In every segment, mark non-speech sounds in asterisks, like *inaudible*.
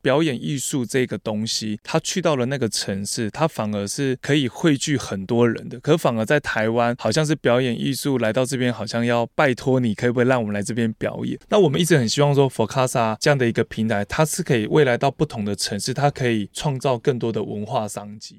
表演藝術這個東西，他去到了那個城市，他反而是可以匯聚很多人的。可反而在台灣，好像是表演藝術來到這邊，好像要拜託你，可不可以讓我們來這邊表演？那我們一直很希望說 FOCASA 這樣的一個平台，它是可以未來到不同的城市，它可以創造更多的文化商機。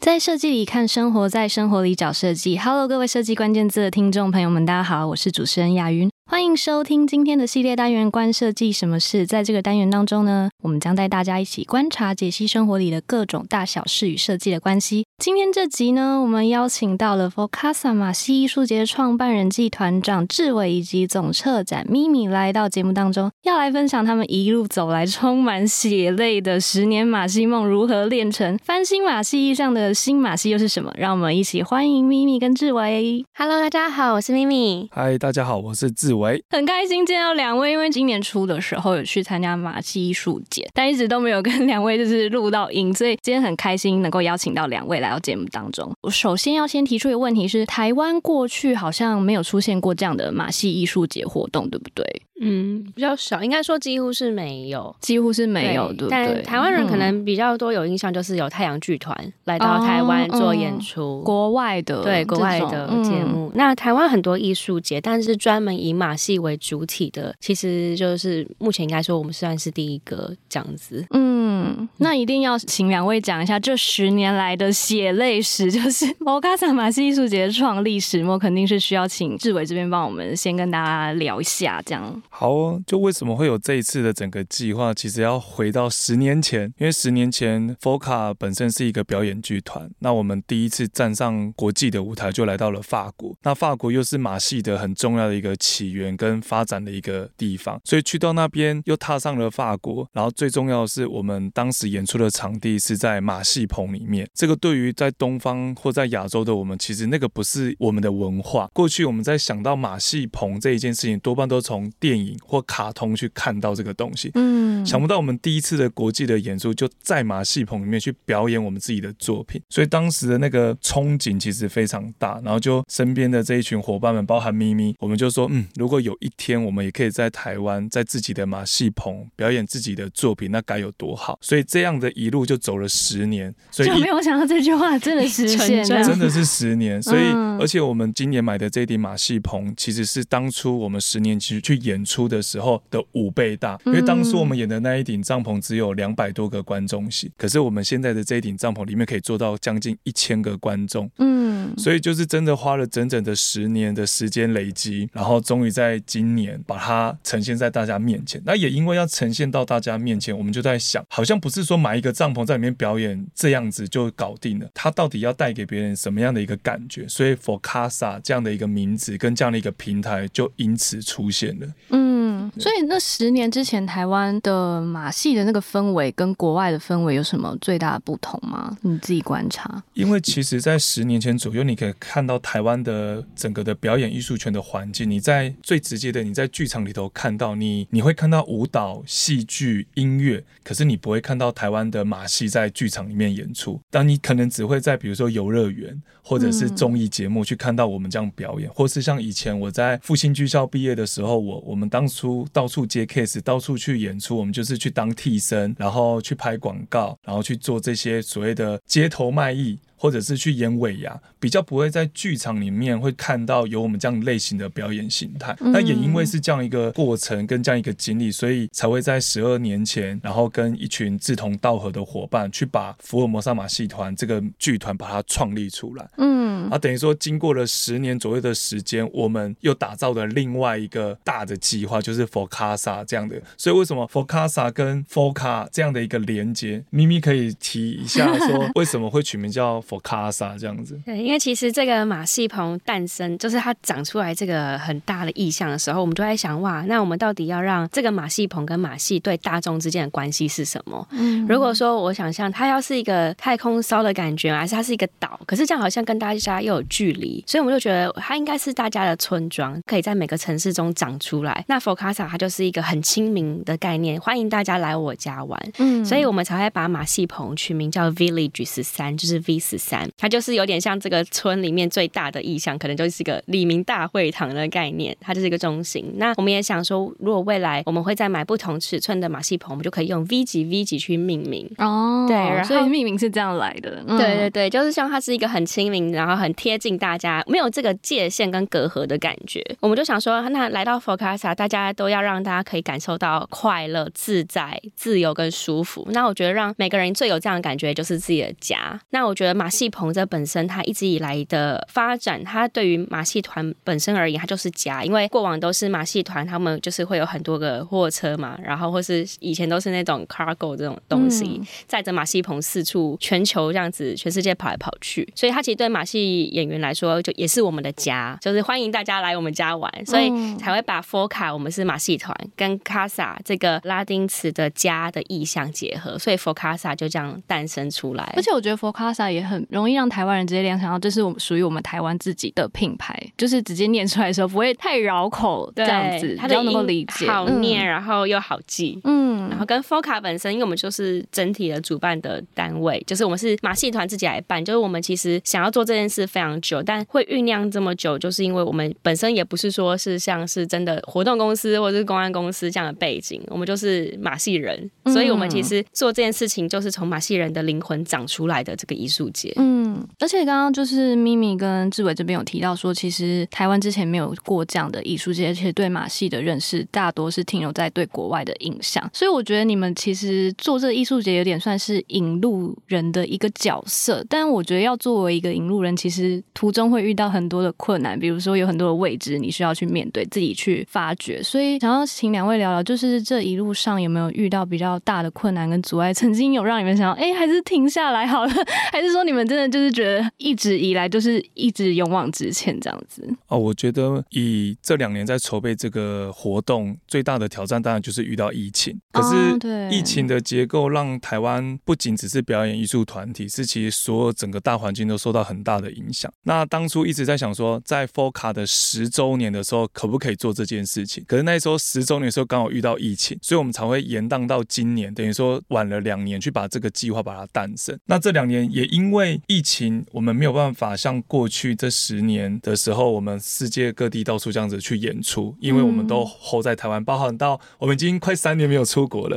在設計裡看生活，在生活裡找設計。Hello，各位設計關鍵字的聽眾朋友們，大家好，我是主持人亞雲。歡迎收聽今天的系列單元“關設計什麼事”。在這個單元當中呢，我們將帶大家一起觀察、解析生活裡的各種大小事與設計的關係。今天這集呢，我們邀請到了佛卡薩馬戲藝術節創辦人暨團長智偉，以及總策展咪咪來到節目當中，要來分享他們一路走來充滿血淚的十年馬戲夢如何煉成，翻新馬戲意象的新馬戲又是什麼？讓我們一起歡迎咪咪跟智偉。Hello，大家好，我是咪咪。Hi，大家好，我是智偉。喂，很開心見到兩位，因為今年初的時候有去參加馬戲藝術節，但一直都沒有跟兩位就是錄到音，所以今天很開心能夠邀請到兩位來到節目當中。我首先要先提出一個問題是，台灣過去好像沒有出現過這樣的馬戲藝術節活動，對不對？嗯，比較少，應該說幾乎是沒有，幾乎是沒有的。對對但台灣人可能比較多有印象，就是有太陽劇團來到台灣、嗯、做演出，國外的對種國外的節目。嗯、那台灣很多藝術節，但是專門以馬戲為主體的，其實就是目前應該說我們算是第一個這樣子。嗯，嗯，那一定要請兩位講一下這十年來的血淚史、就是、史，就是 FOCASA 馬戲藝術節創立史。我肯定是需要請智偉這邊幫我們先跟大家聊一下這樣。好哦，就為什麼會有這一次的整個計劃？其實要回到十年前，因為十年前 FOCA 本身是一個表演劇團。那我們第一次站上國際的舞台，就來到了法國。那法國又是馬戲的很重要的一個起源跟發展的一個地方，所以去到那邊又踏上了法國。然後最重要的是，我們當時演出的場地是在馬戲棚裡面。這個對於在東方或在亞洲的我們，其實那個不是我們的文化。過去我們在想到馬戲棚這一件事情，多半都從電影或卡通去看到這個東西，嗯，想不到我們第一次的國際的演出就在馬戲棚裡面去表演我們自己的作品，所以當時的那個憧憬其實非常大。然後就身邊的這一群夥伴們，包含咪咪，我們就說，嗯，如果有一天我們也可以在台灣，在自己的馬戲棚表演自己的作品，那該有多好！所以這樣的一路就走了十年，所以就沒有想到這句話真的是實現了， *laughs* 樣真的是十年。所以、嗯、而且我們今年買的這頂馬戲棚，其實是當初我們十年其實去演出。出的時候的五倍大，因為當初我們演的那一頂帳篷只有兩百多個觀眾席，可是我們現在的這一頂帳篷裡面可以做到將近一千個觀眾，嗯，所以就是真的花了整整的十年的時間累積，然後終於在今年把它呈現在大家面前。那也因為要呈現到大家面前，我們就在想，好像不是說買一個帳篷在裡面表演這樣子就搞定了，它到底要帶給別人什麼樣的一個感覺？所以 FOCASA 這樣的一個名字跟這樣的一個平台就因此出現了。嗯嗯，所以那十年之前，台灣的馬戲的那個氛圍跟國外的氛圍有什麼最大的不同嗎？你自己觀察。因為其實，在十年前左右，你可以看到台灣的整個的表演藝術圈的環境。你在最直接的，你在劇場裡頭看到你，你會看到舞蹈、戲劇、音樂，可是你不會看到台灣的馬戲在劇場裡面演出。當你可能只會在比如說遊樂園或者是綜藝節目去看到我們這樣表演，嗯，或是像以前我在復興劇校畢業的時候，我我們。當初到處接 case，到處去演出，我們就是去當替身，然後去拍廣告，然後去做這些所謂的街頭賣藝。或者是去演尾牙，比較不會在劇場裡面會看到有我們這樣類型的表演形態。那、嗯、也因為是這樣一個過程跟這樣一個經歷，所以才會在十二年前，然後跟一群志同道合的夥伴去把福爾摩沙馬戲團這個劇團把它創立出來。嗯，啊，等於說經過了十年左右的時間，我們又打造了另外一個大的計劃，就是 FOCASA 這樣的。所以為什麼 FOCASA 跟 FOCA 這樣的一個連接？咪咪可以提一下說為什麼會取名叫？ *laughs* FOCASA 這樣子，對，因為其實這個馬戲棚誕生，就是它長出來這個很大的意象的時候，我們都在想，哇，那我們到底要讓這個馬戲棚跟馬戲對大眾之間的關係是什麼？嗯，如果說我想象它要是一個太空梭的感覺，還是它是一個島，可是這樣好像跟大家又有距離，所以我們就覺得它應該是大家的村莊，可以在每個城市中長出來。那 FOCASA 它就是一個很親民的概念，歡迎大家來我家玩。嗯，所以我們才會把馬戲棚取名叫 Village 十三，就是 V 十三。三，它就是有點像這個村裡面最大的意象，可能就是一個里民大會堂的概念，它就是一個中心。那我們也想說，如果未來我們會再買不同尺寸的馬戲棚，我們就可以用 V 幾 V 幾去命名哦。Oh, 對，然後所以命名是這樣來的。嗯、對對對，就是像它是一個很親民，然後很貼近大家，沒有這個界限跟隔閡的感覺。我們就想說，那來到 FOCASA，大家都要讓大家可以感受到快樂、自在、自由跟舒服。那我覺得讓每個人最有這樣的感覺，就是自己的家。那我覺得馬。馬戲篷這本身，它一直以來的發展，它對於馬戲團本身而言，它就是家，因為過往都是馬戲團，他們就是會有很多個貨車嘛，然後或是以前都是那種 cargo 這種東西，載着馬戲篷四處全球這樣子，全世界跑來跑去。所以它其實對馬戲演員來說，就也是我們的家，就是歡迎大家來我們家玩，所以才會把 FOCA，我們是馬戲團跟 Casa 這個拉丁詞的家的意象結合，所以 FOCASA 就這樣誕生出來。而且我覺得 FOCASA 也很。容易讓台灣人直接聯想到，這是我們屬於我們台灣自己的品牌，就是直接念出來的時候不會太繞口，這樣子，對它就能夠理解，好念，嗯、然後又好記，嗯，然後跟 FOCA 本身，因為我們就是整體的主辦的單位，就是我們是馬戲團自己來辦，就是我們其實想要做這件事非常久，但會醞釀這麼久，就是因為我們本身也不是說是像是真的活動公司或者是公關公司這樣的背景，我們就是馬戲人，所以我們其實做這件事情就是從馬戲人的靈魂長出來的這個藝術節。嗯，而且剛剛就是咪咪跟志偉這邊有提到說，其實台灣之前沒有過這樣的藝術節，而且對馬戲的認識大多是停留在對國外的印象。所以我覺得你們其實做這個藝術節有點算是引路人的一個角色。但我覺得要作為一個引路人，其實途中會遇到很多的困難，比如說有很多的未知，你需要去面對，自己去發掘。所以想要請兩位聊聊，就是這一路上有沒有遇到比較大的困難跟阻礙？曾經有讓你們想到，哎，還是停下來好了，還是說你們？我真的就是覺得一直以來就是一直勇往直前這樣子哦，我覺得以這兩年在籌備這個活動，最大的挑戰當然就是遇到疫情。可是疫情的結構讓台灣不僅只是表演藝術團體，是其實所有整個大環境都受到很大的影響。那當初一直在想說，在 FOCA 的十周年的時候，可不可以做這件事情？可是那時候十周年的時候剛好遇到疫情，所以我們才會延宕到今年，等於說晚了兩年去把這個計劃把它誕生。那這兩年也因為因為疫情，我們沒有辦法像過去這十年的時候，我們世界各地到處這樣子去演出，因為我們都 hold 在台灣，包含到我們已經快三年沒有出國了。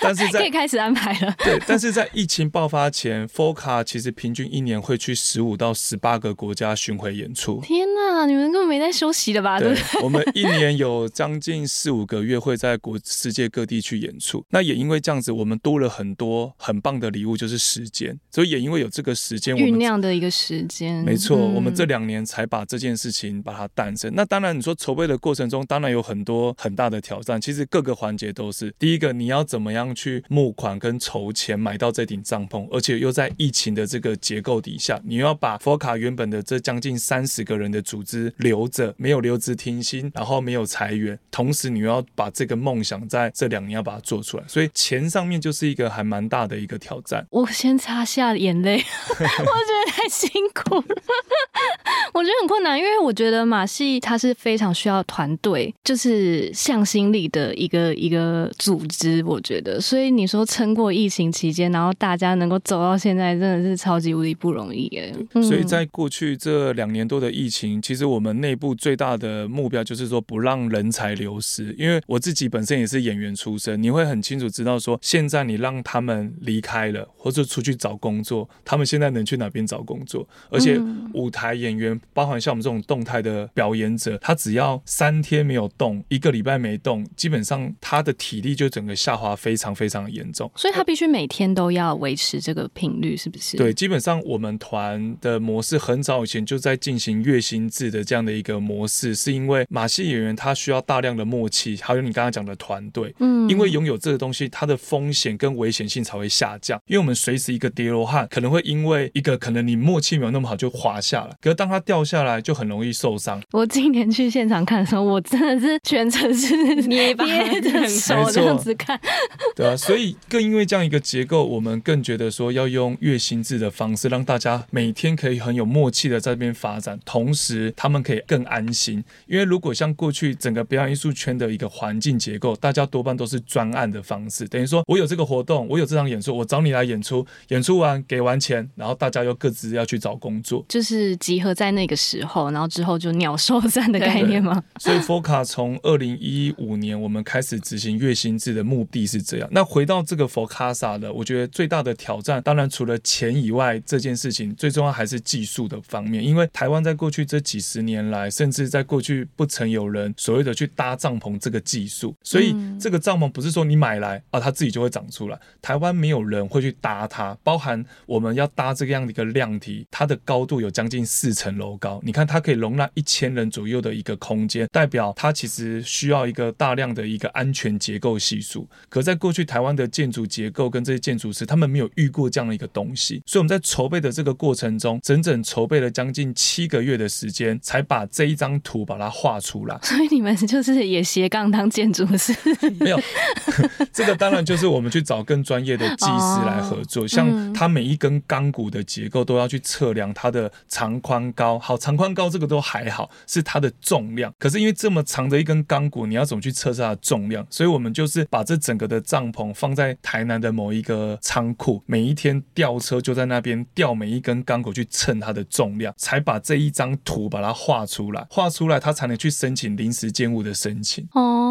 但是在， *laughs* 可以開始安排了。對，但是在疫情爆發前 *laughs* FOCA 其實平均一年會去十五到十八個國家巡迴演出。天哪，你們根本沒在休息的吧？對、對、對，我們一年有將近四五個月會在國世界各地去演出。那也因為這樣子，我們多了很多很棒的禮物，就是時間。所以也因為有這個。時間醞釀的一個時間，沒錯，嗯、我們這兩年才把這件事情把它誕生。那當然，你說籌備的過程中，當然有很多很大的挑戰。其實各個環節都是，第一個，你要怎麼樣去募款跟籌錢買到這頂帳篷，而且又在疫情的這個結構底下，你要把佛卡原本的這將近三十個人的組織留着，沒有留職停薪，然後沒有裁員，同時你又要把這個夢想在這兩年要把它做出來，所以錢上面就是一個還蠻大的一個挑戰。我先擦下眼淚。 *laughs* 我覺得太辛苦了， *laughs* 我覺得很困難，因為我覺得馬戲它是非常需要團隊，就是向心力的一個一個組織。我覺得，所以你說撐過疫情期間，然後大家能夠走到現在，真的是超級無敵不容易耶。所以在過去這兩年多的疫情，其實我們內部最大的目標就是說不讓人才流失，因為我自己本身也是演員出身，你會很清楚知道說，現在你讓他們離開了或者出去找工作，他們現在。現在能去哪邊找工作？而且舞台演員，包含像我們這種動態的表演者，他只要三天沒有動，一個禮拜沒動，基本上他的體力就整個下滑非常非常的嚴重。所以他必須每天都要維持這個頻率，是不是？對，基本上我們團的模式很早以前就在進行月薪制的這樣的一個模式，是因為馬戲演員他需要大量的默契，還有你剛剛講的團隊，嗯，因為擁有這個東西，它的風險跟危險性才會下降。因為我們隨時一個疊羅漢，可能會因為因為一個可能你默契沒有那麼好就滑下了，可是當它掉下來就很容易受傷。我今天去現場看的時候，我真的是全程是捏一把手這樣子看，對啊，所以更因為這樣一個結構，我們更覺得說要用月薪制的方式，讓大家每天可以很有默契的在這邊發展，同時他們可以更安心。因為如果像過去整個表演藝術圈的一個環境結構，大家多半都是專案的方式，等於說我有這個活動，我有這場演出，我找你來演出，演出完給完錢。然後大家又各自要去找工作，就是集合在那個時候，然後之後就鳥獸散的概念嗎？對對。所以 FOCA 從二零一五年我們開始執行月薪制的目的是這樣。那回到這個 FOCASA 的，我覺得最大的挑戰，當然除了錢以外，這件事情最重要還是技術的方面，因為台灣在過去這幾十年來，甚至在過去不曾有人所謂的去搭帳篷這個技術，所以這個帳篷不是說你買來啊，它自己就會長出來。台灣沒有人會去搭它，包含我們要搭。它這個樣的一個量體，它的高度有將近四層樓高。你看，它可以容納一千人左右的一個空間，代表它其實需要一個大量的一個安全結構係數。可在過去台灣的建築結構跟這些建築師，他們沒有遇過這樣的一個東西。所以我們在籌備的這個過程中，整整籌備了將近七個月的時間，才把這一張圖把它畫出來。所以你們就是也斜槓當建築師？沒有， *laughs* 這個當然就是我們去找更專業的技師來合作。哦嗯、像它每一根鋼管。骨的結構都要去測量它的長寬高，好，長寬高這個都還好，是它的重量。可是因為這麼長的一根鋼骨，你要怎麼去測試它的重量？所以我們就是把這整個的帳篷放在台南的某一個倉庫，每一天吊車就在那邊吊每一根鋼骨去稱它的重量，才把這一張圖把它畫出來，畫出來它才能去申請臨時建物的申請。哦。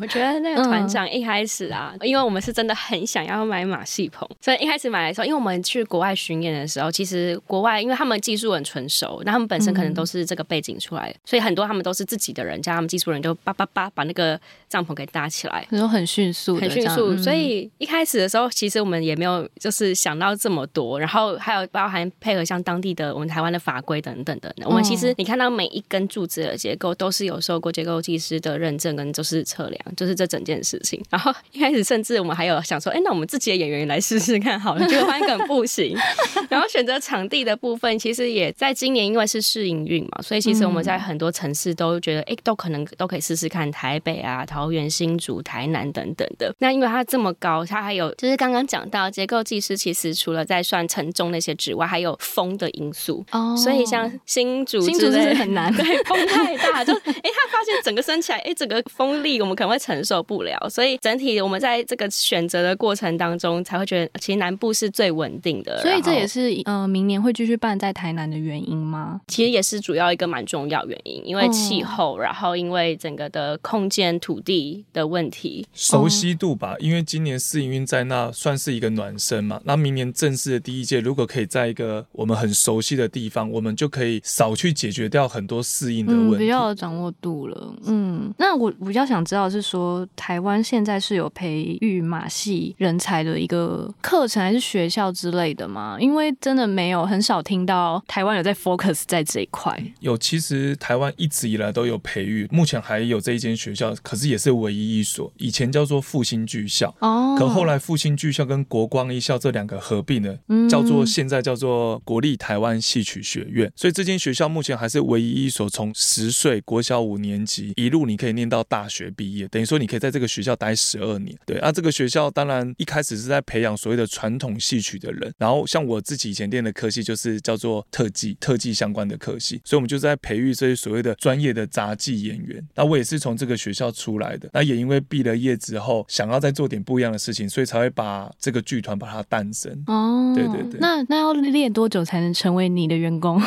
我覺得那個團長一開始啊，嗯、因為我們是真的很想要買馬戲棚，所以一開始買的時候，因為我們去國外巡演的時候，其實國外因為他們技術很純熟，那他們本身可能都是這個背景出來的，嗯、所以很多他們都是自己的人，像他們技術人就叭叭叭把那個帳篷給搭起來，很迅，的很迅速，很迅速。所以一開始的時候，其實我們也沒有就是想到這麼多，然後還有包含配合像當地的我們台灣的法規等等等等。嗯、我們其實你看到每一根柱子的結構都是有受過結構技師的認證跟就是測量。就是這整件事情，然後一開始甚至我們還有想說，哎、欸，那我們自己的演員也來試試看好了。結果發現根本不行。 *laughs* 然後選擇場地的部分，其實也在今年，因為是試營運嘛，所以其實我們在很多城市都覺得，哎、欸，都可能都可以試試看。台北啊、桃園、新竹、台南等等的。那因為它這麼高，它還有就是剛剛講到結構技師，其實除了在算承重那些之外，還有風的因素哦。所以像新竹、新竹這些很難，對，風太大， *laughs* 就哎、欸，他發現整個升起來，哎、欸，整個風力我們可。會承受不了，所以整體我們在這個選擇的過程當中，才會覺得其實南部是最穩定的。所以這也是後呃，明年會繼續辦在台南的原因嗎？其實也是主要一個蠻重要原因，因為氣候，嗯、然後因為整個的空間、土地的問題，熟悉度吧。因為今年試營運在那算是一個暖身嘛，那明年正式的第一屆，如果可以在一個我們很熟悉的地方，我們就可以少去解決掉很多適應的問題、嗯，比較掌握度了。嗯，那我比較想知道的是。是說台灣現在是有培育馬戲人才的一個課程還是學校之類的嗎？因為真的沒有，很少聽到台灣有在 focus 在這一塊。有，其實台灣一直以來都有培育，目前還有這一間學校，可是也是唯一一所。以前叫做復興劇校，哦，可後來復興劇校跟國光藝校這兩個合併了，嗯，叫做現在叫做國立台灣戲曲學院。所以這間學校目前還是唯一一所，從十歲國小五年級一路你可以念到大學畢業。等於說你可以在這個學校待十二年，對。那、啊、這個學校當然一開始是在培養所謂的傳統戲曲的人，然後像我自己以前練的科系就是叫做特技，特技相關的科系，所以我們就在培育這些所謂的專業的雜技演員。那我也是從這個學校出來的，那也因為畢了業之後想要再做點不一樣的事情，所以才會把這個劇團把它誕生。哦，對對對。那那要練多久才能成為你的員工？ *laughs*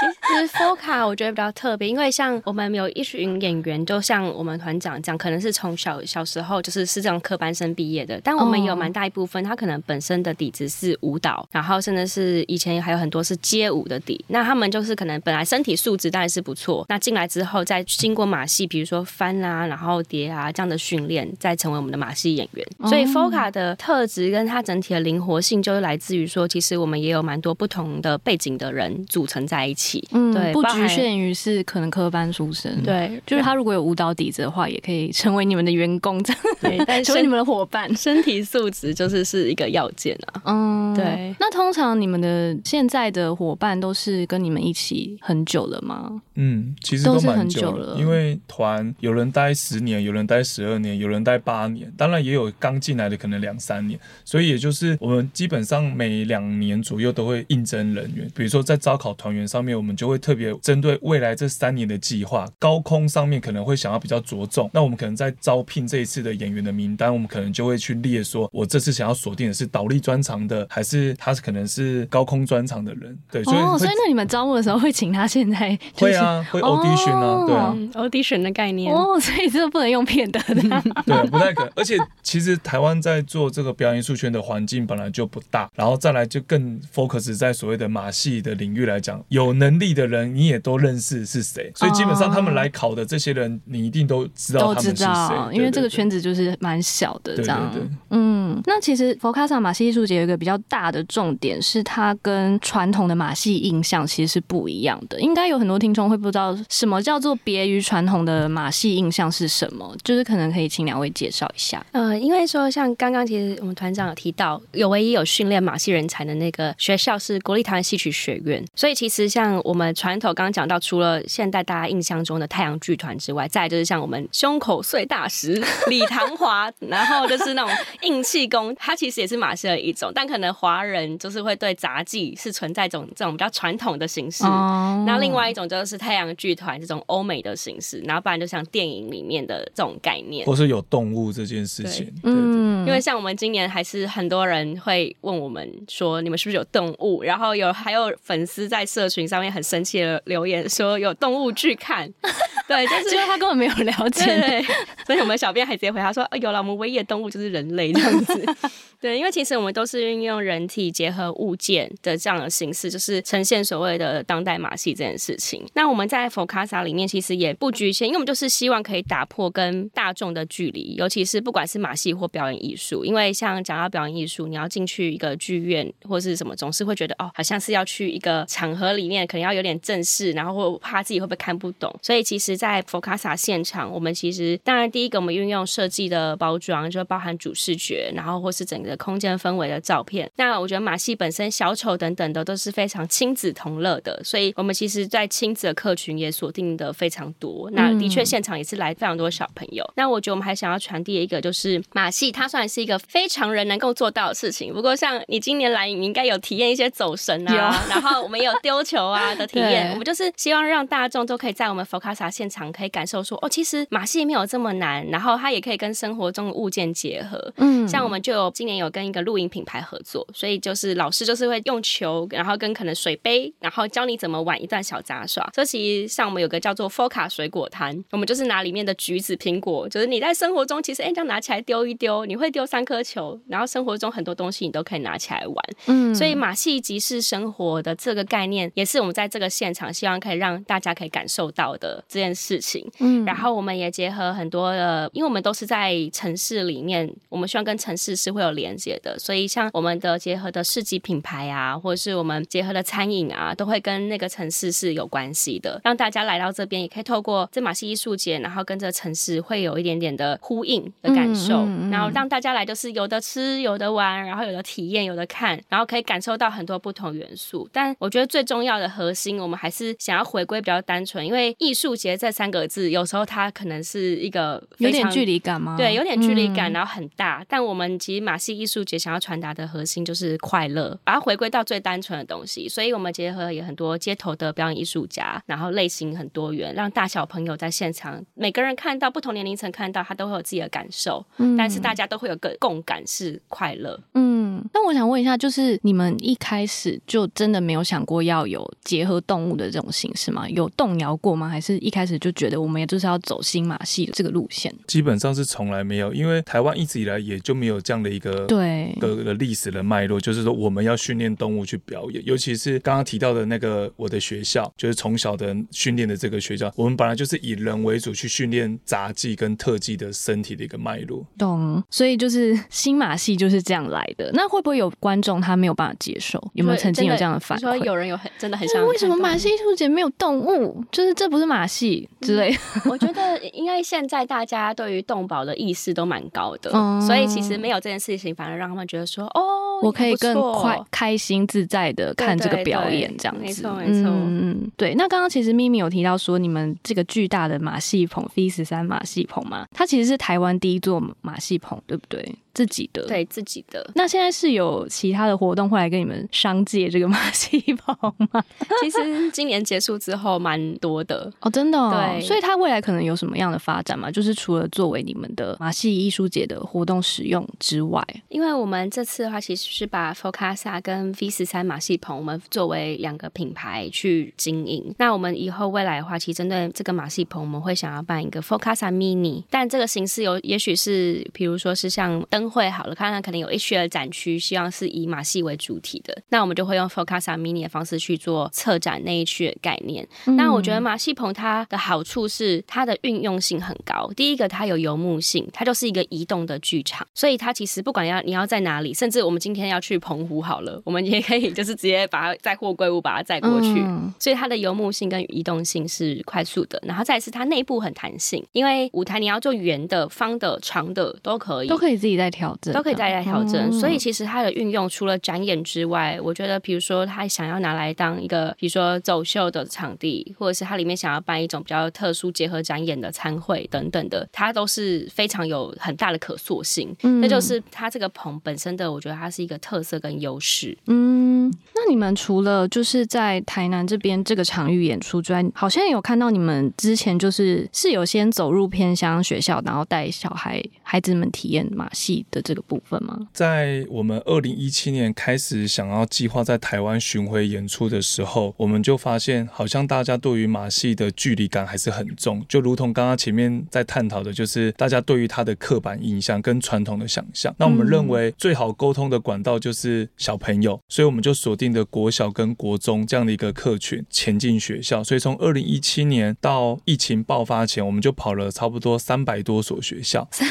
其實 FOCA 我覺得比較特別，因為像我們有一群演員，就像我們團長這樣，可能是從小小時候就是是這種科班生畢業的，但我們有蠻大一部分，他可能本身的底子是舞蹈，然後甚至是以前還有很多是街舞的底。那他們就是可能本來身體素質當然是不錯，那進來之後再經過馬戲，比如說翻啊，然後疊啊這樣的訓練，再成為我們的馬戲演員。所以 FOCA 的特質跟它整體的靈活性，就是來自於說，其實我們也有蠻多不同的背景的人組成在一起。嗯，對，不局限於是可能科班出身，對，就是他如果有舞蹈底子的話，也可以成為你們的員工，對，成為 *laughs* 你們的夥伴。 *laughs* 身體素質就是是一個要件啊。嗯，對。那通常你們的現在的夥伴都是跟你們一起很久了嗎？嗯，其實都，都是很久了，因為團有人待十年，有人待十二年，有人待八年，當然也有剛進來的可能兩三年。所以也就是我們基本上每兩年左右都會應徵人員，比如說在招考團員上面。我們就會特別針對未來這三年的計劃，高空上面可能會想要比較着重那我們可能在招聘這一次的演員的名單，我們可能就會去列說，我這次想要鎖定的是倒立專長的，還是他可能是高空專長的人。對，所以、哦、所以那你們招募的時候會請他現在、就是、會啊，會 audition 啊，哦、對啊，audition 的概念哦，所以這個不能用騙的， *laughs* 嗯、對、啊，不太可能。而且其實台灣在做這個表演藝術圈的環境本來就不大，然後再來就更 focus 在所謂的馬戲的領域來講，有能。能力的人你也都認識是誰，所以基本上他們來考的這些人你一定都知道他們。都知道，因為這個圈子就是蠻小的這樣子。對對對對，嗯，那其實佛卡薩馬戲藝術節有一個比較大的重點是它跟傳統的馬戲印象其實是不一樣的。應該有很多聽眾會不知道什麼叫做別於傳統的馬戲印象是什麼，就是可能可以請兩位介紹一下。呃，因為說像剛剛其實我們團長有提到，有唯一有訓練馬戲人才的那個學校是國立台灣戲曲學院，所以其實像。我們傳統剛剛講到，除了現代大家印象中的太陽劇團之外，再來就是像我們胸口碎大石李棠華， *laughs* 然後就是那種硬氣功，它其實也是馬戲的一種。但可能華人就是會對雜技是存在一種這種比較傳統的形式。哦。那另外一種就是太陽劇團這種歐美的形式，然後不然就像電影裡面的這種概念，或是有動物這件事情。對嗯，對對，因為像我們今年還是很多人會問我們說，你們是不是有動物？然後有還有粉絲在社群上面。很生氣的留言說：“有動物劇看。” *laughs* 對，就是因為他根本沒有了解 *laughs* 對對對，所以我們小編還直接回他說：“哎、欸、有了，我們唯一的動物就是人類這樣子。”對，因為其實我們都是運用人體結合物件的這樣的形式，就是呈現所謂的當代馬戲這件事情。那我們在佛卡薩裡面其實也不局限，因為我們就是希望可以打破跟大眾的距離，尤其是不管是馬戲或表演藝術，因為像講到表演藝術，你要進去一個劇院或是什麼總是會覺得哦，好像是要去一個場合裡面，可能要有點正式，然後會怕自己會不會看不懂，所以其實。在佛卡薩現場，我們其實當然第一個，我們運用設計的包裝就包含主視覺，然後或是整個空間氛圍的照片。那我覺得馬戲本身、小丑等等的都是非常親子同樂的，所以我們其實，在親子的客群也鎖定的非常多。那的確現場也是來非常多小朋友。嗯、那我覺得我們還想要傳遞一個，就是馬戲它算是一個非常人能夠做到的事情，不過像你今年來，你應該有體驗一些走神啊，有然後我們也有丟球啊的體驗。 *laughs* 對我們就是希望讓大眾都可以在我們佛卡薩現場場可以感受說哦，其實馬戲沒有這麼難，然後它也可以跟生活中的物件結合，嗯，像我們就有今年有跟一個露營品牌合作，所以就是老師就是會用球，然後跟可能水杯，然後教你怎麼玩一段小雜耍。這其實像我們有個叫做 FOCA 水果攤，我們就是拿裡面的橘子、蘋果，就是你在生活中其實哎這樣拿起來丟一丟，你會丟三顆球，然後生活中很多東西你都可以拿起來玩，嗯，所以馬戲即是生活的這個概念，也是我們在這個現場希望可以讓大家可以感受到的這樣。事情，嗯，然後我們也結合很多的，因為我們都是在城市裡面，我們希望跟城市是會有連接的，所以像我們的結合的市集品牌啊，或者是我們結合的餐飲啊，都會跟那個城市是有關係的，讓大家來到這邊也可以透過這馬戲藝術節，然後跟這城市會有一點點的呼應的感受，嗯嗯嗯、然後讓大家來都是有的吃、有的玩，然後有的體驗、有的看，然後可以感受到很多不同元素。但我覺得最重要的核心，我們還是想要回歸比較單純，因為藝術節。這三個字有時候它，可能是一個有點距離感嗎？對，有點距離感，嗯，然後很大。但我們其實馬戲藝術節想要傳達的核心就是快樂，把它回歸到最單純的東西。所以我們結合了很多街頭的表演藝術家，然後類型很多元，讓大小朋友在現場每個人看到不同年齡層看到，他都會有自己的感受。嗯，但是大家都會有個共感是快樂。嗯，那我想問一下，就是你們一開始就真的沒有想過要有結合動物的這種形式嗎？有動搖過嗎？還是一開始？就覺得我們也就是要走新馬戲的這個路線，基本上是從來沒有，因為台灣一直以來也就沒有這樣的一個對的歷史的脈絡，對就是說我們要訓練動物去表演，尤其是剛剛提到的那個我的學校，就是從小的訓練的這個學校，我們本來就是以人為主去訓練雜技跟特技的身體的一個脈絡，懂。所以就是新馬戲就是這樣來的。那會不會有觀眾他沒有辦法接受？有沒有曾經有這樣的反應，所以的說有人有很真的很想為什麼馬戲藝術節沒有動物？就是這不是馬戲？之類，我覺得因為現在大家對於動保的意識都蠻高的，嗯、所以其實沒有這件事情，反而讓他們覺得說，哦，我可以更快、開心、自在的看這個表演，這樣子。嗯嗯，沒錯沒錯，對。那剛剛其實咪咪有提到說，你們這個巨大的馬戲棚 V 十三馬戲棚嘛，它其實是台灣第一座馬戲棚，對不對？自己的對自己的，己的那現在是有其他的活動會來跟你們商借這個馬戲棚嗎？ *laughs* 其實今年結束之後蠻多的,、Oh, 的哦，真的，對，所以它未來可能有什麼樣的發展嗎？就是除了作為你們的馬戲藝術節的活動使用之外，因為我們這次的話其實是把 Focasa 跟 V 十三馬戲棚我們作為兩個品牌去經營。那我們以後未來的話，其實針對這個馬戲棚，我們會想要辦一個 Focasa Mini，但這個形式有也許是，比如說是像。會好了，看看可能有一區的展區，希望是以馬戲為主體的，那我們就會用 FOCASA Mini 的方式去做策展那一區的概念。嗯、那我覺得馬戲棚它的好處是它的運用性很高，第一個它有游牧性，它就是一個移動的劇場，所以它其實不管要你要在哪裡，甚至我們今天要去澎湖好了，我們也可以就是直接把它載貨櫃物、嗯、把它載過去，所以它的游牧性跟移動性是快速的。然後再是它內部很彈性，因為舞台你要做圓的、方的、長的都可以，都可以自己在。調整都可以再來調整，嗯、所以其實它的運用除了展演之外，我覺得比如說他想要拿來當一個，比如說走秀的場地，或者是它裡面想要辦一種比較特殊結合展演的餐會等等的，它都是非常有很大的可塑性。嗯、那就是它這個棚本身的，我覺得它是一個特色跟優勢。嗯，那你們除了就是在台南這邊這個場域演出之外，好像有看到你們之前就是是有先走入偏鄉學校，然後帶小孩孩子們體驗馬戲的這個部分嗎？在我們二零一七年開始想要計劃在台灣巡迴演出的時候，我們就發現好像大家對於馬戲的距離感還是很重，就如同剛剛前面在探討的，就是大家對於它的刻板印象跟傳統的想象。那我們認為最好溝通的管道就是小朋友，嗯。所以我們就鎖定的國小跟國中這樣的一個客群，前進學校。所以從二零一七年到疫情爆發前，我們就跑了差不多三百多所學校。 *laughs*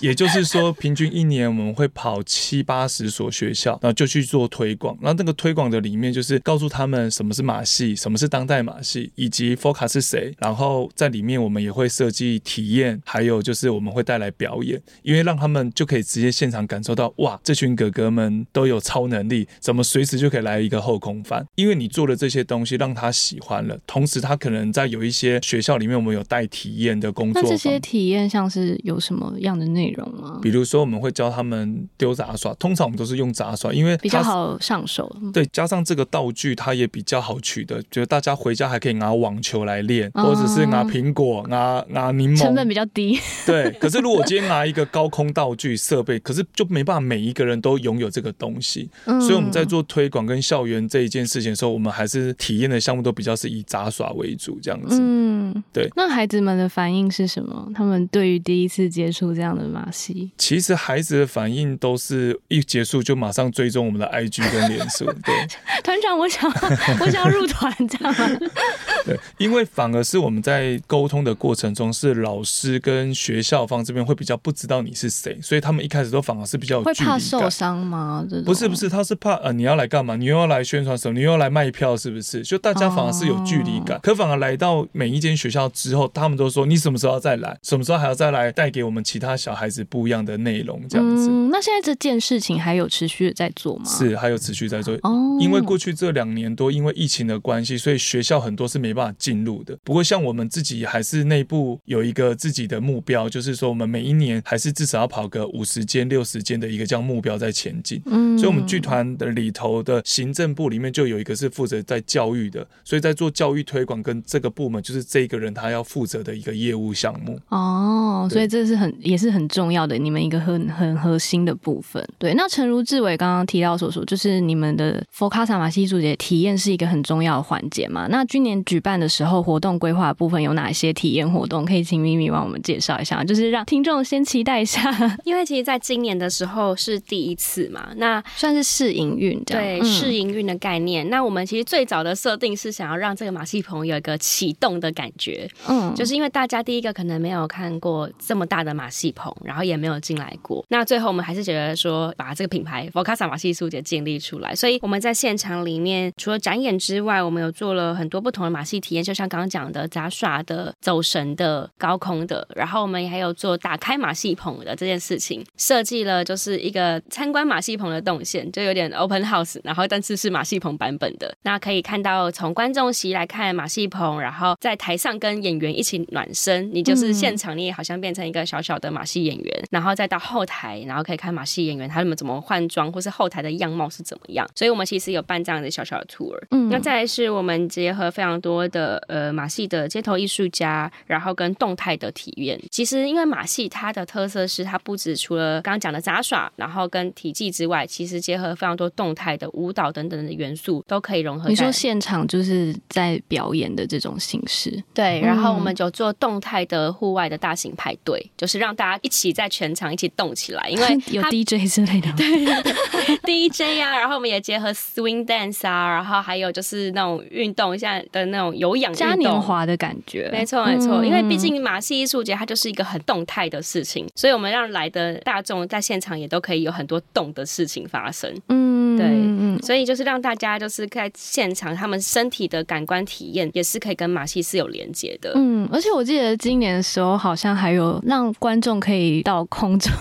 也就是說，平均一年我們會跑七八十所學校，然後就去做推廣。然後這個推廣的裡面就是告訴他們什麼是馬戲，什麼是當代馬戲，以及 FOCA 是誰。然後在裡面我們也會設計體驗，還有就是我們會帶來表演，因為讓他們就可以直接現場感受到哇，這群哥哥們都有超能力，怎麼隨時就可以來一個後空翻？因為你做的這些東西讓他喜歡了，同時他可能在有一些學校裡面，我們有帶體驗的工作。那這些體驗像是有什麼樣的內？內容嗎？比如說，我們會教他們丟雜耍，通常我們都是用雜耍，因為比較好上手。對，加上這個道具，它也比較好取得。覺得大家回家還可以拿網球來練，嗯、或者是拿蘋果、拿拿檸檬。成本比較低。對。可是如果今天拿一個高空道具設備， *laughs* 可是就沒辦法每一個人都擁有這個東西。嗯、所以我們在做推廣跟校園這一件事情的時候，我們還是體驗的項目都比較是以雜耍為主這樣子。嗯。對。那孩子們的反應是什麼？他們對於第一次接觸這樣的。馬戲其實孩子的反應都是一結束就馬上追蹤我們的 IG 跟臉書。對，團 *laughs* 長我，我想我想入團，這樣 *laughs* 對，因為反而是我們在溝通的過程中，是老師跟學校方這邊會比較不知道你是誰，所以他們一開始都反而是比較有會怕受傷嗎？不是不是，他是怕呃你要來幹嘛？你又要來宣傳什麼，你又要來賣票，是不是？就大家反而是有距離感，oh. 可反而來到每一間學校之後，他們都說你什麼時候要再來，什麼時候還要再來帶給我們其他小孩。孩子不一樣的內容這樣子，嗯。那現在這件事情還有持續的在做嗎？是還有持續在做哦，因為過去這兩年多，因為疫情的關係，所以學校很多是沒辦法進入的。不過像我們自己還是內部有一個自己的目標，就是說我們每一年還是至少要跑個五十間、六十間的一個叫目標在前進。嗯，所以我們劇團的裡頭的行政部裡面就有一個是負責在教育的，所以在做教育推廣跟這個部門就是這個人他要負責的一個業務項目。哦，對所以這是很也是很重要的。重要的，你們一個很很核心的部分。對，那誠如志偉剛剛提到所說，就是你們的佛卡薩馬戲主角體驗是一個很重要的環節嘛？那今年舉辦的時候，活動規劃部分有哪些體驗活動？可以請咪咪幫我們介紹一下，就是讓聽眾先期待一下。 *laughs* 因為其實在今年的時候是第一次嘛，那算是試營運，對，試營運的概念。嗯、那我們其實最早的設定是想要讓這個馬戲棚有一個啟動的感覺，嗯，就是因為大家第一個可能沒有看過這麼大的馬戲棚。然後也沒有進來過。那最後我們還是覺得說，把這個品牌 FOCASA 馬戲藝術節建立出來。所以我們在現場裡面，除了展演之外，我們有做了很多不同的馬戲體驗，就像剛剛講的雜耍的、走神的、高空的，然後我們也還有做打開馬戲棚的這件事情，設計了就是一個參觀馬戲棚的動線，就有點 open house，然後但是是馬戲棚版本的。那可以看到從觀眾席來看馬戲棚，然後在台上跟演員一起暖身，你就是現場你也好像變成一個小小的馬戲演員演員，然後再到後台，然後可以看馬戲演員他們怎麼換裝，或是後台的樣貌是怎麼樣。所以，我們其實有辦這樣的小小的 tour。嗯，那再來是我們結合非常多的呃馬戲的街頭藝術家，然後跟動態的體驗。其實，因為馬戲它的特色是它不止除了剛剛講的雜耍，然後跟體技之外，其實結合非常多動態的舞蹈等等的元素都可以融合。你說現場就是在表演的這種形式？對。然後，我們就做動態的戶外的大型派對，嗯、就是讓大家一起。一起在全場一起動起來，因為 *laughs* 有 DJ 之類的 *laughs* 對對對，DJ 呀，啊，然後我們也結合 swing dance 啊，然後還有就是那種運動一下的那種有氧嘉年華的感覺，沒錯沒錯，嗯、因為畢竟馬戲藝術節它就是一個很動態的事情，所以我們讓來的大眾在現場也都可以有很多動的事情發生，嗯，對，所以就是讓大家就是在現場他們身體的感官體驗也是可以跟馬戲是有連接的，嗯，而且我記得今年的時候好像還有讓觀眾可以。到空中，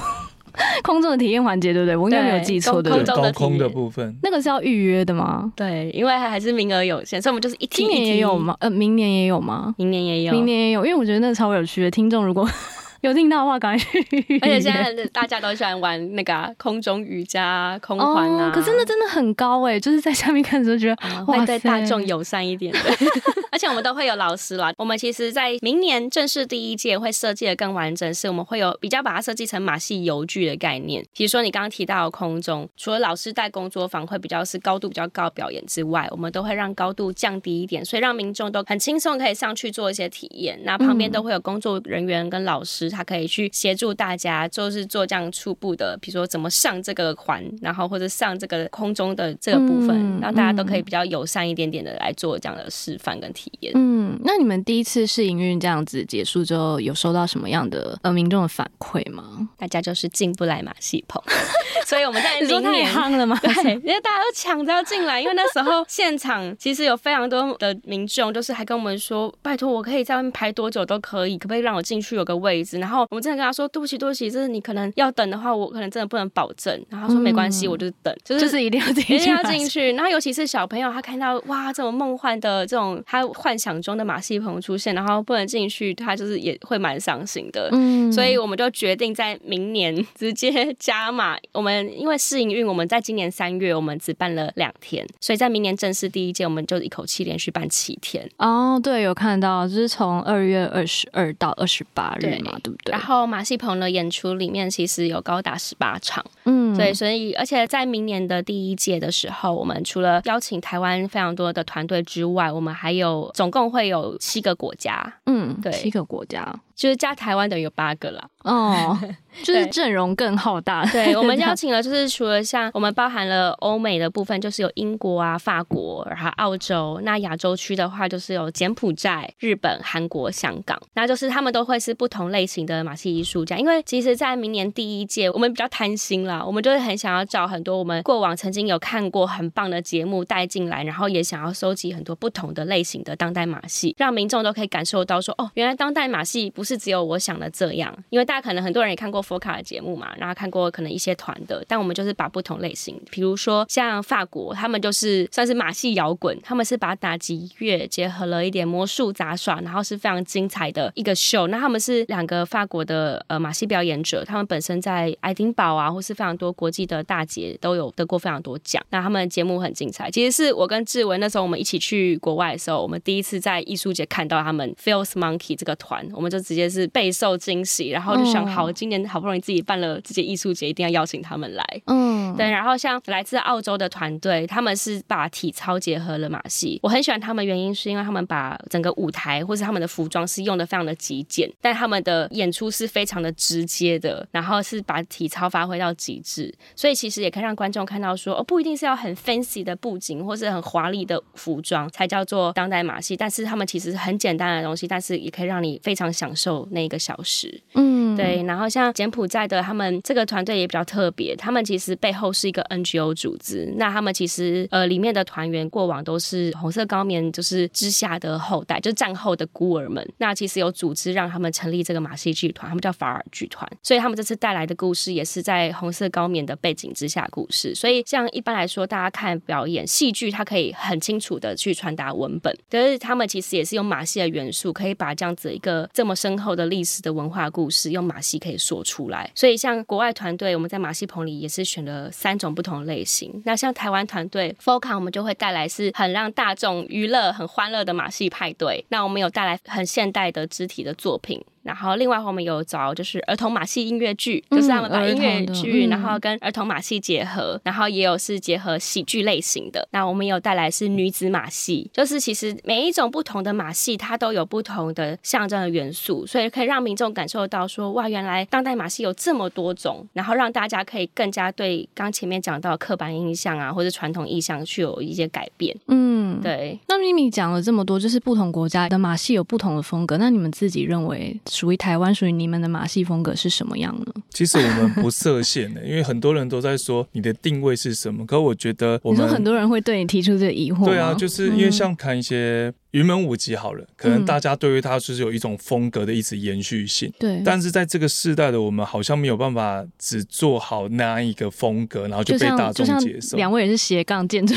空中的體驗環節，對不對？對我應該沒有記錯。對，對空中的空的部分，那個是要預約的嗎？對，因為還是名額有限，所以我們就是一聽，一聽，今年也有嗎？呃，明年也有嗎？明年也有，明年也有，因為我覺得那個超有趣的。聽眾如果。 *laughs* 有聽到的話，趕快。而且現在大家都喜歡玩那個、啊、空中瑜伽、啊、空環啊。Oh, 可是那真的很高哎、欸，就是在下面看的時候覺得、oh, 哇塞會對大眾友善一點。 *laughs* 而且我們都會有老師啦。 *laughs* 我們其實在明年正式第一屆會設計的更完整，是我們會有比較把它設計成馬戲遊具的概念。比如說你剛剛提到的空中，除了老師帶工作坊會比較是高度比較高表演之外，我們都會讓高度降低一點，所以讓民眾都很輕鬆可以上去做一些體驗。那旁邊都會有工作人員跟老師、嗯。他可以去協助大家，就是做這樣初步的，比如說怎麼上這個環，然後或者上這個空中的這個部分，嗯、讓大家都可以比較友善一點點的來做這樣的示範跟體驗。嗯，那你們第一次試營運這樣子結束之後，有收到什麼樣的呃民眾的反饋嗎？大家就是進不來馬戲棚。 *laughs* *laughs* 所以我們在零年太夯了嘛。 *laughs* 對，因為大家都搶着要進來，因為那時候現場其實有非常多的民眾，就是還跟我們說， *laughs* 拜託我可以在外面排多久都可以，可不可以讓我進去有個位置？然後我們真的跟他說：“對不起，對不起，就是你可能要等的話，我可能真的不能保證。”然後他說：“沒關係，嗯、我就等，就是一定要進去就是一定要進去。”然後尤其是小朋友，他看到哇，這種夢幻的、這種他幻想中的馬戲棚出現，然後不能進去，他就是也會蠻傷心的。嗯，所以我們就決定在明年直接加碼。我們因為試營運，我們在今年三月我們只辦了兩天，所以在明年正式第一屆，我們就一口氣連續辦七天。哦，對，有看到，就是從二月二十二到二十八日嘛，對。對然後馬戲棚的演出裡面，其實有高達十八場，嗯，對，所以而且在明年的第一屆的時候，我們除了邀請台灣非常多的團隊之外，我們還有總共會有七個國家，嗯，對，七個國家。就是加台灣的有八個了，哦，就是陣容更浩大對。 *laughs* 對我們邀請了，就是除了像我們包含了歐美的部分，就是有英國啊、法國，然後澳洲。那亞洲區的話，就是有柬埔寨、日本、韓國、香港。那就是他們都會是不同類型的馬戲藝術家。因為其實，在明年第一屆，我們比較貪心啦，我們就是很想要找很多我們過往曾經有看過很棒的節目帶進來，然後也想要收集很多不同的類型的當代馬戲，讓民眾都可以感受到說，哦，原來當代馬戲不，不是只有我想的這樣，因為大家可能很多人也看過 FOCA 的節目嘛，然後看過可能一些團的，但我們就是把不同類型，比如說像法國，他們就是算是馬戲搖滾，他們是把打擊樂結合了一點魔術雜耍，然後是非常精彩的一個秀。那他們是兩個法國的呃馬戲表演者，他們本身在愛丁堡啊，或是非常多國際的大節都有得過非常多獎。那他們節目很精彩，其實是我跟智偉那時候我們一起去國外的時候，我們第一次在藝術節看到他們 Fills Monkey 這個團，我們就。直接是備受驚喜，然後就想好，今年好不容易自己辦了自己藝術節，一定要邀請他們來。嗯，對。然後像來自澳洲的團隊，他們是把體操結合了馬戲，我很喜歡他們原因是因為他們把整個舞台或者他們的服裝是用的非常的極簡，但他們的演出是非常的直接的，然後是把體操發揮到極致，所以其實也可以讓觀眾看到說，哦，不一定是要很 fancy 的布景或者很華麗的服裝才叫做當代馬戲，但是他們其實是很簡單的東西，但是也可以讓你非常享受。就那一個小時，嗯，對。然後像柬埔寨的，他們這個團隊也比較特別，他們其實背後是一個 NGO 組織。那他們其實呃裡面的團員過往都是紅色高棉就是之下的後代，就是戰後的孤兒們。那其實有組織讓他們成立這個馬戲劇團，他們叫法爾劇團。所以他們這次帶來的故事也是在紅色高棉的背景之下故事。所以像一般來說大家看表演戲劇，它可以很清楚的去傳達文本。可是他們其實也是用馬戲的元素，可以把這樣子一個這麼深。深厚的歷史的文化故事，用馬戲可以說出來。所以，像國外團隊，我們在馬戲棚裡也是選了三種不同類型。那像台灣團隊 FOCA，我們就會帶來是很讓大眾娛樂、很歡樂的馬戲派對。那我們有帶來很現代的肢體的作品。然後另外我們有找就是兒童馬戲音樂劇，就是他們把音樂劇，嗯、然後跟兒童馬戲結合，嗯、然後也有是結合喜劇類型的。那我們有帶來是女子馬戲，就是其實每一種不同的馬戲，它都有不同的象徵的元素，所以可以讓民眾感受到說，哇，原來當代馬戲有這麼多種，然後讓大家可以更加對剛前面講到的刻板印象啊，或是傳統印象去有一些改變。嗯，對。那咪咪講了這麼多，就是不同國家的馬戲有不同的風格，那你們自己認為？屬於台灣，屬於你們的馬戲風格是什麼樣呢？其實我們不設限的、欸， *laughs* 因為很多人都在說你的定位是什麼，可我覺得我們你說很多人會對你提出這個疑惑。對啊，就是因為像看一些。雲門舞集好了，可能大家對於它就是有一種風格的一直延續性。對、嗯，但是在這個世代的我們好像沒有辦法只做好那一個風格，然後就被大眾接受。兩位也是斜槓建築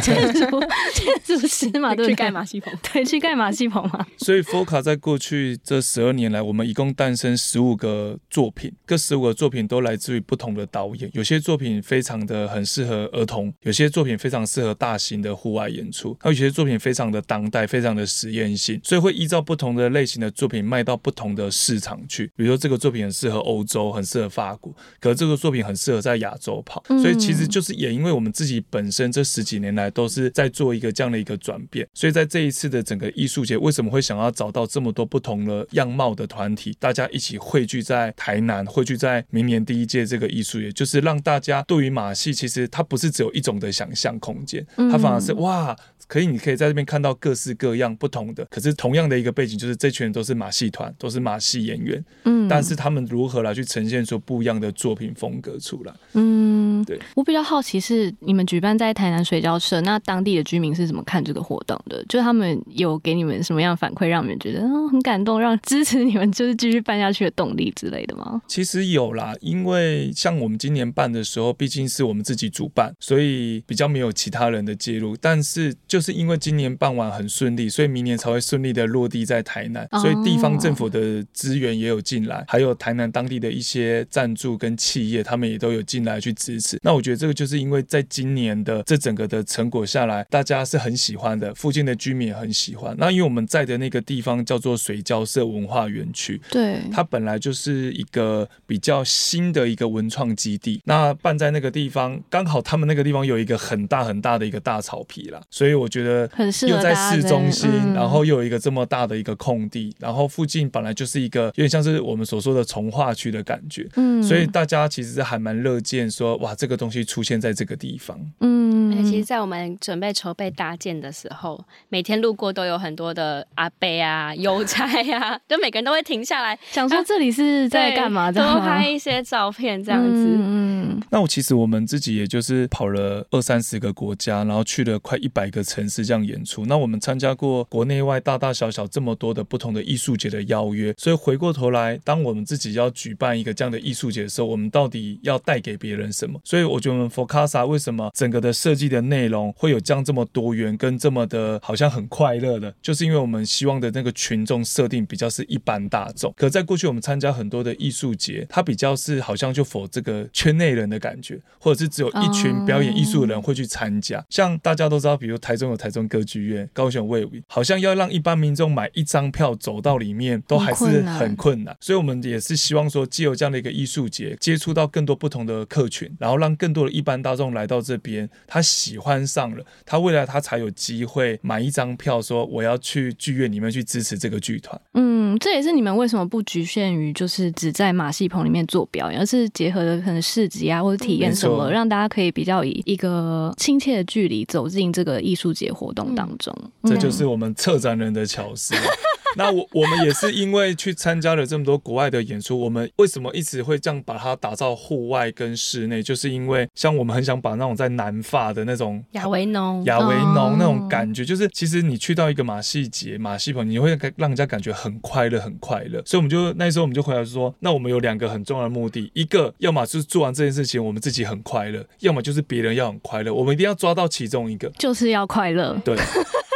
建築師嘛， *laughs* 對，去蓋馬戲棚，對，對去蓋馬戲棚嘛。所以，FOCA 在過去這十二年來，我們一共誕生十五個作品，這十五個作品都來自於不同的導演。有些作品非常的很適合兒童，有些作品非常適合大型的戶外演出，還有些作品非常的當代。非常的實驗性，所以會依照不同的類型的作品賣到不同的市場去。比如說這個作品很適合歐洲，很適合法國，可是這個作品很適合在亞洲跑。所以其實就是也因為我們自己本身這十幾年來都是在做一個這樣的一個轉變，所以在這一次的整個藝術節，為什麼會想要找到這麼多不同的樣貌的團體，大家一起匯聚在台南，匯聚在明年第一屆這個藝術節，就是讓大家對於馬戲其實它不是只有一種的想象空間，它反而是哇。可以，你可以在這邊看到各式各樣不同的，可是同樣的一個背景，就是這群人都是馬戲團，都是馬戲演員。嗯，但是他們如何來去呈現出不一樣的作品風格出來？嗯，對。我比較好奇是你們舉辦在台南水交社，那當地的居民是怎麼看這個活動的？就他們有給你們什麼樣反饋，讓你們覺得很感動，讓支持你們就是繼續辦下去的動力之類的嗎？其實有啦，因為像我們今年辦的時候，畢竟是我們自己主辦，所以比較沒有其他人的介入，但是就是。就是因為今年辦完很順利，所以明年才會順利的落地在台南，所以地方政府的資源也有進來，還有台南當地的一些贊助跟企業，他們也都有進來去支持。那我覺得這個就是因為在今年的這整個的成果下來，大家是很喜歡的，附近的居民也很喜歡。那因為我們在的那個地方叫做水交社文化園區，對，它本來就是一個比較新的一個文創基地。那辦在那個地方，剛好他們那個地方有一個很大很大的一個大草皮啦，所以我。覺得很適合又在市中心，然後又有一個這麼大的一個空地，嗯、然後附近本來就是一個有點像是我們所說的重劃區的感覺，嗯，所以大家其實還蠻樂見說哇，這個東西出現在這個地方，嗯，其實在我們準備籌備搭建的時候，每天路過都有很多的阿伯啊、郵差啊， *laughs* 就每個人都會停下來想說這裡是在幹嘛的，多、啊、拍一些照片這樣子，嗯，嗯那我其實我們自己也就是跑了二三十個國家，然後去了快一百個。城市這樣演出，那我們參加過國內外大大小小這麼多的不同的藝術節的邀約，所以回過頭來，當我們自己要舉辦一個這樣的藝術節的時候，我們到底要帶給別人什麼？所以我覺得我們佛卡 s 為什麼整個的設計的內容會有這樣這麼多元跟這麼的，好像很快樂的，就是因為我們希望的那個群眾設定比較是一般大眾。可在過去我們參加很多的藝術節，它比較是好像就否這個圈內人的感覺，或者是只有一群表演藝術的人會去參加。Um、像大家都知道，比如台。中有台中歌劇院、高雄衛武，好像要讓一般民眾買一張票走到裡面都還是很困難，困難，所以我們也是希望說，既有這樣的一個藝術節，接觸到更多不同的客群，然後讓更多的一般大眾來到這邊，他喜歡上了，他未來他才有機會買一張票，說我要去劇院裡面去支持這個劇團。嗯，這也是你們為什麼不局限於就是只在馬戲棚裡面做表演，而是結合了可能市集啊，或者體驗什麼，嗯，讓大家可以比較以一個親切的距離走進這個藝術節活動當中，嗯，這就是我們策展人的巧思啊。 *laughs* *laughs* 那我我們也是因為去參加了這麼多國外的演出，我們為什麼一直會這樣把它打造戶外跟室內？就是因為像我們很想把那種在南法的那種亞維農、亞維農那種感覺，嗯、就是其實你去到一個馬戲節、馬戲棚，你會讓人家感覺很快樂、很快樂。所以我們就那時候我們就回來說，那我們有兩個很重要的目的，一個要麼就是做完這件事情我們自己很快樂，要麼就是別人要很快樂，我們一定要抓到其中一個，就是要快樂。對。 *laughs*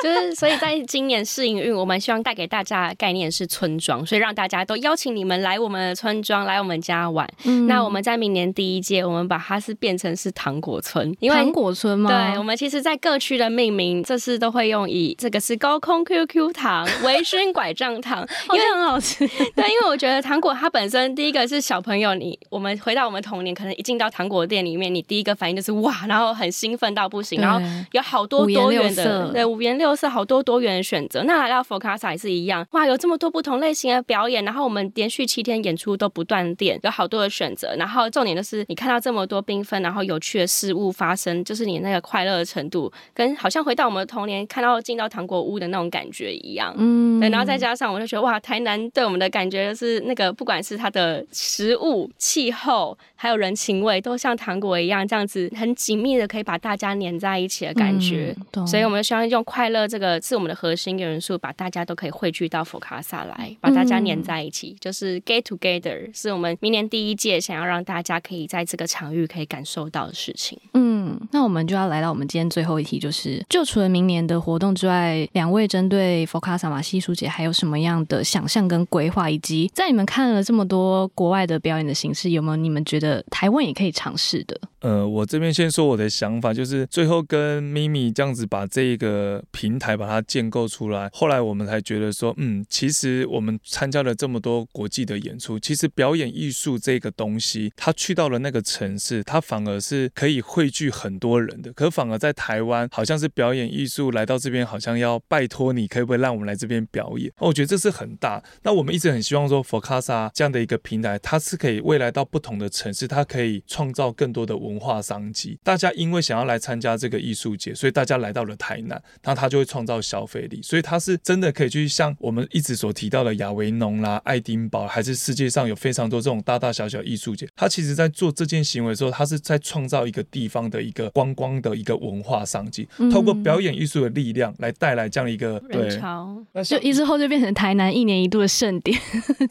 就是，所以在今年試營運，我們希望帶給大家概念是村莊，所以讓大家都邀請你們來我們的村莊來我們家玩。嗯，那我們在明年第一屆，我們把它是變成是糖果村，因為糖果村嗎？對，我們其實在各區的命名，這次都會用以這個是高空 QQ 糖、微醺拐杖糖。 *laughs* 因為很好吃。對、哦，因為我覺得糖果它本身第一個是小朋友你，你我們回到我們童年，可能一進到糖果店裡面，你第一個反應就是哇，然後很興奮到不行，然後有好多多元的，對，五顏六色。是好多多元的選擇，那來到佛卡薩也是一樣，哇，有這麼多不同類型的表演，然後我們連續七天演出都不斷電，有好多的選擇，然後重點就是你看到這麼多繽紛，然後有趣的事物發生，就是你那個快樂的程度，跟好像回到我們的童年，看到進到糖果屋的那種感覺一樣，嗯，對，然後再加上我就覺得，哇，台南對我們的感覺就是那個不管是它的食物、氣候，還有人情味，都像糖果一樣，這樣子很緊密的可以把大家黏在一起的感覺，嗯、對，所以我們就希望用快樂。的這個是我們的核心元素，把大家都可以匯聚到 FOCASA 來，把大家粘在一起，嗯、就是 get together，是我們明年第一屆想要讓大家可以在這個場域可以感受到的事情。嗯，那我們就要來到我們今天最後一題，就是就除了明年的活動之外，兩位針對 FOCASA 馬戲藝術節還有什麼樣的想象跟規劃，以及在你們看了這麼多國外的表演的形式，有沒有你們覺得台灣也可以嘗試的？呃，我這邊先說我的想法，就是最後跟咪咪這樣子把這一個平台把它建構出來，後來我們才覺得說，嗯，其實我們參加了這麼多國際的演出，其實表演藝術這個東西，它去到了那個城市，它反而是可以匯聚很多人的，可反而在台灣，好像是表演藝術來到這邊，好像要拜托你，可不可以讓我們來這邊表演？我覺得這是很大。那我們一直很希望說，佛卡薩這樣的一個平台，它是可以未來到不同的城市，它可以創造更多的文化商機。大家因為想要來參加這個藝術節，所以大家來到了台南，那它就。就會創造消費力，所以它是真的可以去像我們一直所提到的亞維農啦、愛丁堡，還是世界上有非常多這種大大小小藝術節。它其實，在做這件行為的時候，它是在創造一個地方的一個觀光,光的一個文化商機，透過表演藝術的力量來帶來這樣一個人潮。像就一之後就變成台南一年一度的盛典，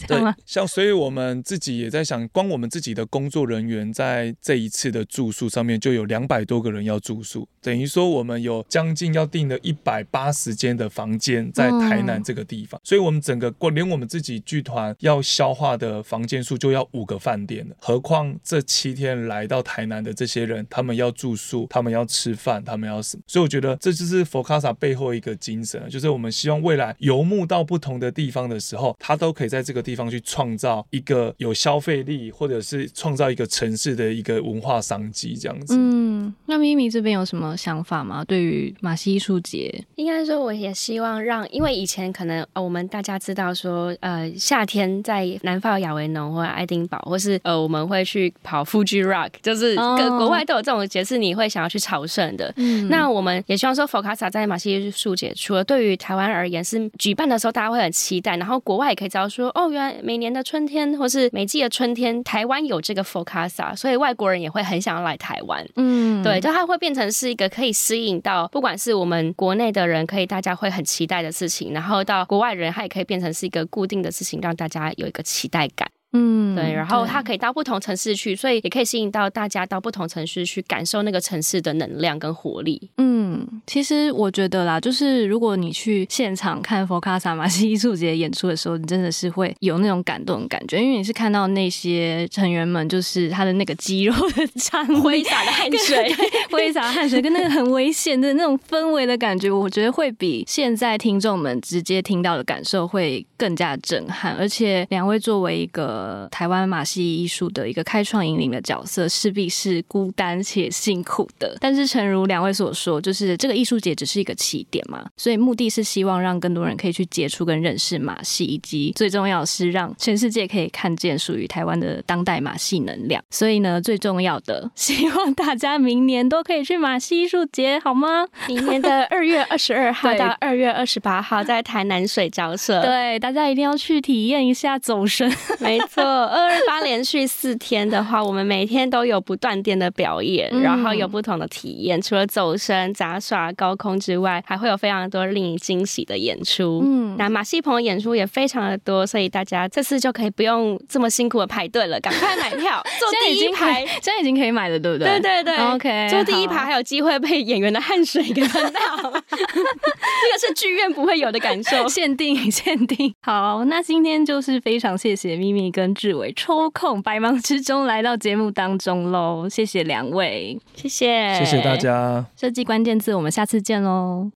對 *laughs* 嗎？對像，所以我們自己也在想，光我們自己的工作人員在這一次的住宿上面就有兩百多個人要住宿，等於說我們有將近要訂的一百。百八十間的房間在台南這個地方，哦、所以我們整個過，連我們自己劇團要消化的房間數就要五個飯店了，何況這七天來到台南的這些人，他們要住宿，他們要吃飯，他們要什麼？所以我覺得這就是佛卡薩背後一個精神，就是我們希望未來游牧到不同的地方的時候，他都可以在這個地方去創造一個有消費力，或者是創造一個城市的一個文化商機這樣子。嗯，那咪咪這邊有什麼想法嗎？對於馬戲藝術節？應該說，我也希望讓，因為以前可能呃、哦，我們大家知道說，呃，夏天在南法的亞維農或者愛丁堡，或是呃，我們會去跑 Fuji Rock，就是各國外都有這種節日，你會想要去朝聖的。哦、那我們也希望說 FOCASA 在馬戲藝術節，除了對於台灣而言是舉辦的時候大家會很期待，然後國外也可以知道說，哦，原來每年的春天或是每季的春天，台灣有這個 FOCASA，所以外國人也會很想要來台灣。嗯，對，就它會變成是一個可以吸引到，不管是我們國內的人可以，大家會很期待的事情，然後到國外人，他也可以變成是一個固定的事情，讓大家有一個期待感。嗯，對，然後他可以到不同城市去，對所以也可以吸引到大家到不同城市去感受那個城市的能量跟活力。嗯，其實我覺得啦，就是如果你去現場看佛卡薩馬戲藝術節演出的時候，你真的是會有那種感動的感覺，因為你是看到那些成員們，就是他的那個肌肉的顫、揮灑的汗水、揮灑的汗水跟那個很危險的那種氛圍的感覺， *laughs* 我覺得會比現在聽眾們直接聽到的感受會更加震撼。而且，兩位作為一個。呃，台灣馬戲藝術的一個開創引領的角色，勢必是孤單且辛苦的。但是，誠如兩位所說，就是這個藝術節只是一個起點嘛，所以目的是希望讓更多人可以去接觸跟認識馬戲以及最重要的是讓全世界可以看見屬於台灣的當代馬戲能量。所以呢，最重要的，希望大家明年都可以去馬戲藝術節，好嗎？明年的二月二十二號到二月二十八號，在台南水交社，對，大家一定要去體驗一下走神沒？ *laughs* 呃，二二八連續四天的話，我們每天都有不斷電的表演，嗯、然後有不同的體驗。除了走繩、雜耍、高空之外，還會有非常多令你驚喜的演出。嗯，那馬戲篷的演出也非常的多，所以大家這次就可以不用這麼辛苦的排隊了，趕快買票，坐 *laughs* 第一排。現在，現在已經可以買了，對不對？對對對，OK。坐第一排還有機會被演員的汗水給噴到，這個是劇院不會有的感受。限定，限定。好，那今天就是非常謝謝咪咪，跟智偉抽空，百忙之中來到節目當中嘍，謝謝兩位，謝謝，謝謝大家。設計關鍵字，我們下次見嘍。